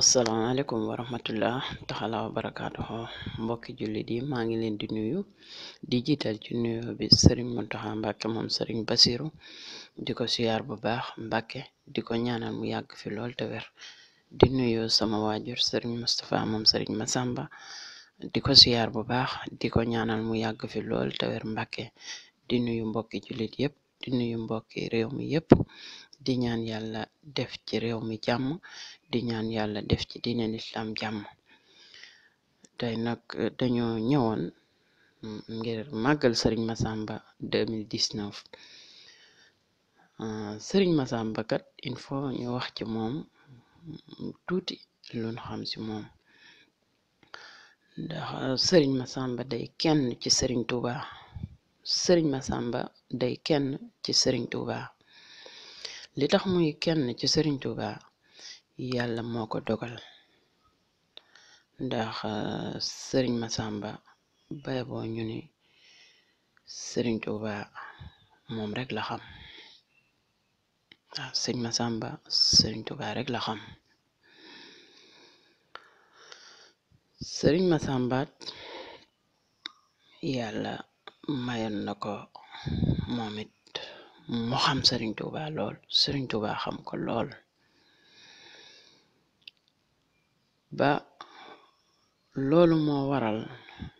asalaamaaleykum wa rahmatullah taxala wa barakaatuhu mbokki jullit yi maa ngi leen di nuyu di jiital ci nuyu bi sëriñ Muntaxa Mbàkke moom sëriñ Basiru di ko siyaar bu baax Mbàkke di ko ñaanal mu yàgg fi lool te wér di nuyu sama waajur sëriñ Mustapha moom sëriñ Masamba di ko siyaar bu baax di ko ñaanal mu yàgg fi lool te wér Mbàkke di nuyu mbokki jullit yëpp di nuyu mbokki réew mi yëpp di ñaan yàlla def ci réew mi jàmm di ñaan yàlla def ci diineen islam jàmm tey nag eh, dañoo ñëwoon mm, ngir màggal Serigne Massamba 2019 ah, Serigne Massamba kat il faut ñu wax ci moom mm, tuuti lu xam si moom sëriñ eh, Serigne Massamba day kenn ci Serigne Touba Serigne Massamba day kenn ci Serigne Touba li tax muy kenn ci Serigne Touba. yàlla moo ko dogal ndax euh, sëriñ Masamba bay boo ñu ni sëriñ moom rek la xam waaw Masamba sëriñ Tuuba rek la xam sëriñ Masambaat yàlla mayoon na ko moom it mu xam sëriñ Tuuba xam ko lool ba loolu moo waral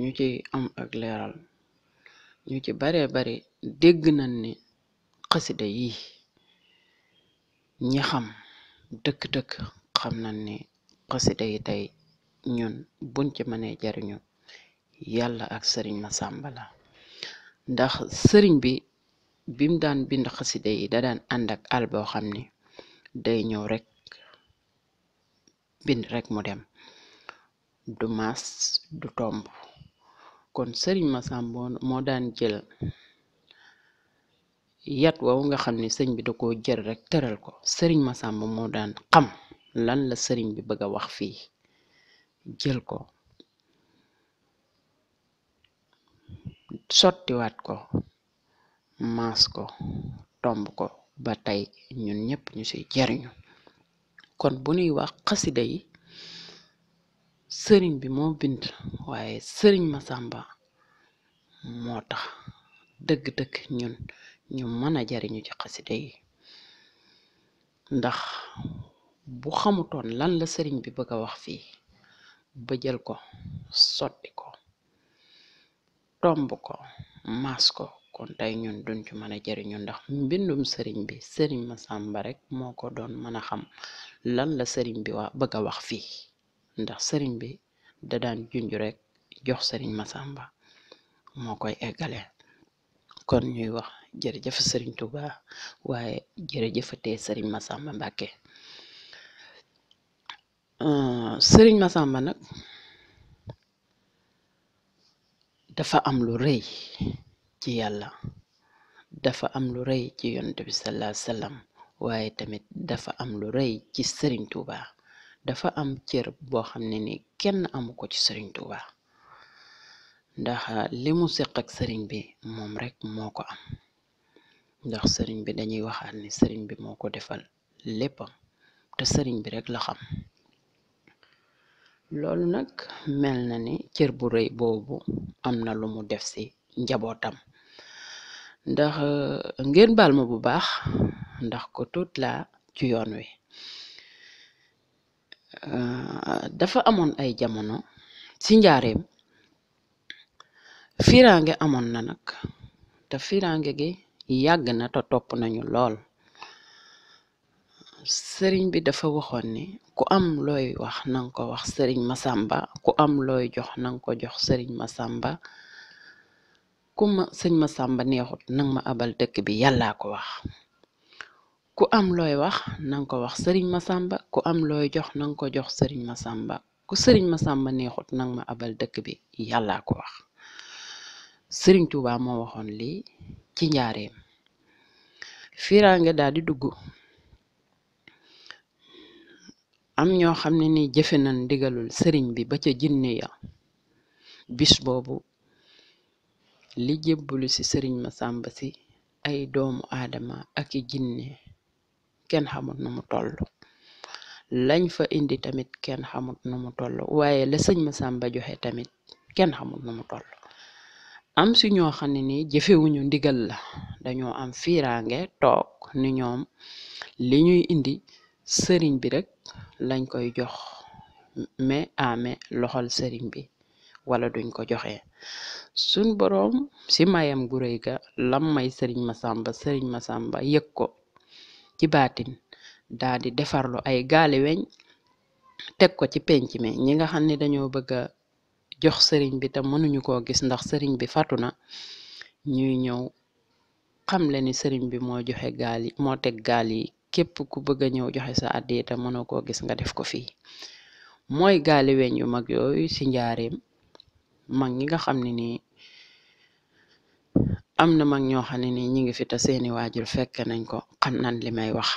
ñu ci am ak leeral ñu ci bare bare dégg nañ ni xasida yi ñi xam dëkk-dëkk xam nañ ni xasida yi tey ñun buñ ci mënee jariñu yàlla ak sëriñ Masàmba la ndax sëriñ bi bim daan bind xasida yi da daan ànd ak àll boo xam ni day ñëw rek bind rek mu dem du mas du tomb kon sëriñ Masamba moo daan jël yat woowu nga xam ne sëñ bi da ko jël rek tëral ko sëriñ ma Masamba moo daan xam lan la sëriñ bi bëgg a wax fii jël ko sottiwaat ko maas ko tomb ko ba tey ñun ñëpp ñu ci jariñu kon bu nuy wax xasida yi sëriñ bi moo bind waaye sëriñ ma Masamba moo tax dëgg-dëgg ñun ñu mën a jariñu ci xasida yi ndax bu xamutoon lan la sëriñ bi bëgg wax fii ba jël ko sotti ko tomb ko maas ko kon tey ñun duñ ci mën a jariñu ndax mbindum sëriñ bi sëriñ sàmba rek moo ko doon mën a xam lan la sëriñ bi waa bëgg wax fii ndax sëriñ bi da daan junj rek jox sëriñ Masamba moo koy eggale kon ñuy wax jërëjëf sëriñ Touba waaye jërëjëfatee sëriñ Masamba Mbàkke euh, sëriñ Masamba nag dafa am lu rëy ci yàlla dafa am lu rëy ci yonent bi sallallahu alayhi waaye tamit dafa am lu rëy ci sëriñ Tuuba dafa am cër boo xam ne ni kenn amu ko ci sëriñ Tuuba ndax li mu ak sëriñ bi moom rek moo ko am ndax sëriñ bi dañuy waxaan ne sëriñ bi moo ko defal léppam te sëriñ bi rek la xam loolu nag mel na ni cër bu rëy boobu am na lu mu def si njabootam ndax ngeen baal ma bu baax ndax ko tuut la ci yoon wi euh, dafa amoon ay jamono ci njaareem firange amoon na nag te firange gi yàgg na te topp nañu lool sëriñ bi dafa waxoon ni ku am looy wax nanga ko wax sëriñ Masamba ku am looy jox nang ko jox sëriñ Masamba ku ma sëñ Masamba neexut nang ma abal dëkk bi yàllaa ko wax ku am looy wax nanga ko wax sëriñ ma sàmba ku am looy jox nanga ko jox sëriñ Masamba ku sëriñ Masamba neexut nang ma abal dëkk bi yàlla ko wax sëriñ Tuubaa moo waxoon li ci njaareem fiiraange daal dugg am ñoo xam ne ni jëfe nañ ndigalul sëriñ bi ba ca jinne ya bis boobu li jébbalu ci sëriñ ma sàmba si ay doomu aadama ak i kenn xamut nu mu toll lañ fa indi tamit kenn xamut nu mu toll waaye la sëñ Masamba joxe tamit kenn xamut nu mu toll am si ñoo xam ne nii jëfewuñu ndigal la dañoo am fiiraange toog ni ñoom li ñuy indi sëriñ bi rek lañ koy jox mais ame loxol sëriñ bi wala duñ ko joxe suñ boroom si mayam gu réy ga lam may ma Masamba sëriñ Masamba yëg ko ci baatin daa di defarlu ay gaali weñ teg ko ci penc mi ñi nga xam ne dañoo bëgg a jox sëriñ bi te mënuñu koo gis ndax sëriñ bi fatu na ñuy ñëw xam le ni sëriñ bi moo joxe gaal moo teg gaal yi képp ku bëgg a ñëw joxe sa àddiya te mënoo koo gis nga def ko fii mooy gaali weñ yu mag yooyu ci njaareem mag ñi nga xam ne nii am na mag ñoo xam ne nii ñi ngi fi ta seeni waajur fekke nañ ko xam nañ li may wax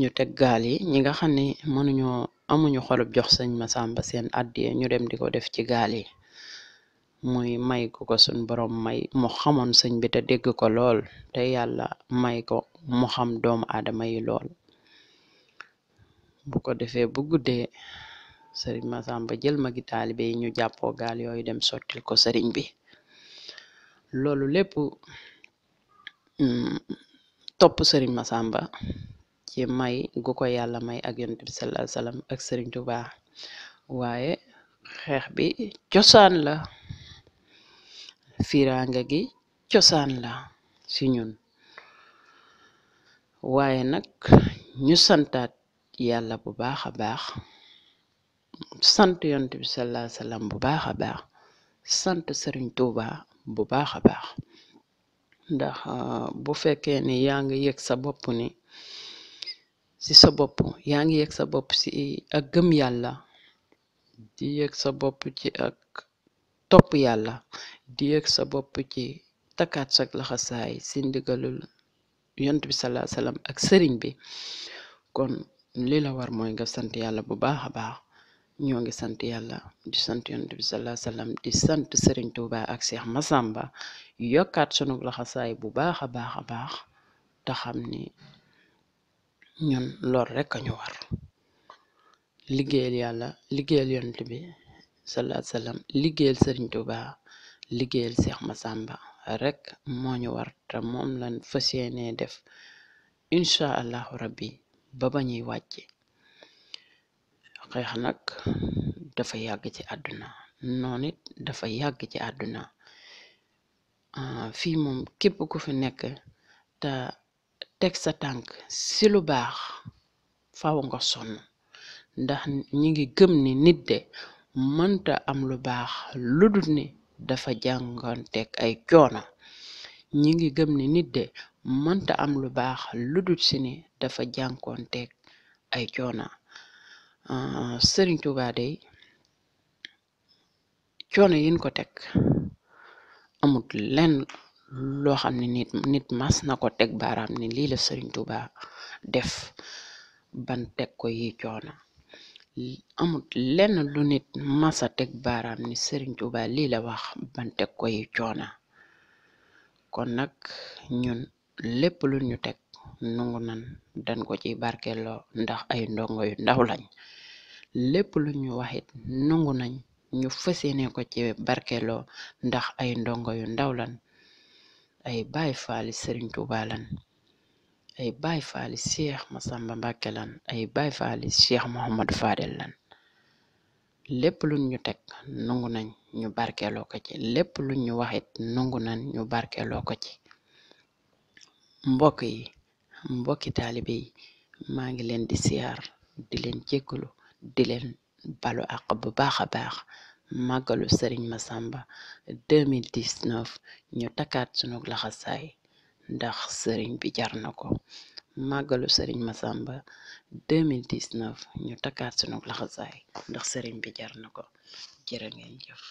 ñu teg gaal yi ñi nga xam ne mënuñoo amuñu xolub jox sëñ Masamba seen àddiya ñu dem di ko def ci gaal yi muy may ko ko suñ may mu xamoon sëñ bi te dégg ko lool te yàlla may ko mu xam doomu aadama yi lool bu ko defee bu guddee sëriñ Masamba jël magi taali yi ñu jàppoo gaal yooyu dem sottil ko sëriñ bi loolu lépp mm, topp sëriñ Masamba ci may gu ko yàlla may ag yonent bi sallallahu alayhi wasallam ak sëriñ Tuuba waaye xeex bi cosaan la fiiraanga gi cosaan la si ñun waaye nag ñu santaat yàlla bu baax a baax sant yonent bi sallallahu bu baax a baax sant sëriñ Tuuba bu baax a baax ndax ah, bu fekkee ni yaa ngi sa bopp ni ci sa bopp yaa ngi yëg sa bopp ci ak gëm yàlla di yëg sa bopp ci ak topp yàlla di yëg sa bopp ci takkaat sa laxasaay ci ndigalul yont bi salaa salaam ak sëriñ bi kon li la war mooy nga sant yàlla bu baax a ñoo ngi sant yàlla di sant yonent bi salaa salaam di sant Serigne Touba ak Cheikh Massamba yokkaat sunu laxasaay bu baax a baax a baax te ni ñun lool rek a ñu war liggéeyal yàlla liggéeyal yonent bi salaa salaam liggéeyal Serigne Touba liggéeyal Cheikh Massamba rek moo ñu war te moom lañ fas yéenee def incha allahu rabbi ba ba ñuy xeex nag dafa yàgg ci àdduna noonu dafa yàgg ci àdduna ah, fii moom képp ku fi nekk te teg sa tànk si lu baax faw nga sonn ndax ñi ngi gëm ni nit de mënta am lu baax lu dul ni dafa jànganteeg ay coono ñi ngi gëm ni nit de mënta am lu baax lu dul si ni dafa jànkoonteeg ay coono Ah, sëriñ Tuuba day coono yin ko teg amut lenn loo xam ne nit nit mas na ko teg baaraam ni lii la sëriñ Tuuba def ban teg ko yi coono amut lenn lu nit masa teg baaraam ni sëriñ Tuuba lii la wax ban teg ko yi coona kon nag ñun lépp lu ñu teg nungu nan dan ko ci barkeloo ndax ay ndongo yu ndaw lañ lépp lu waxit nangu nañ ñu fëseene ko ci barkeloo ndax ay ndongo yu ndawlan ay baay faali sëriñ Tuubaa lan ay baay faali Cheikh Masamba Mbàkke lan ay baay faali Cheikh Mohamad Fadel lan lépp lu ñu teg nangu nañ ñu barkeloo lépp lu waxit nangu nañ ñu barkeloo ko ci mbokk yi mbokki taalibe yi maa ngi leen di siyaar di leen jéggalu di leen balu àq bu baax a baax màggalu Serigne Massamba 2019 ñu takkaat sunu laxasaay ndax Serigne bi jar na ko màggalu Serigne Massamba 2019 ñu takkaat sunu laxasaay ndax Serigne bi jar na ko jërë ngeen jëf.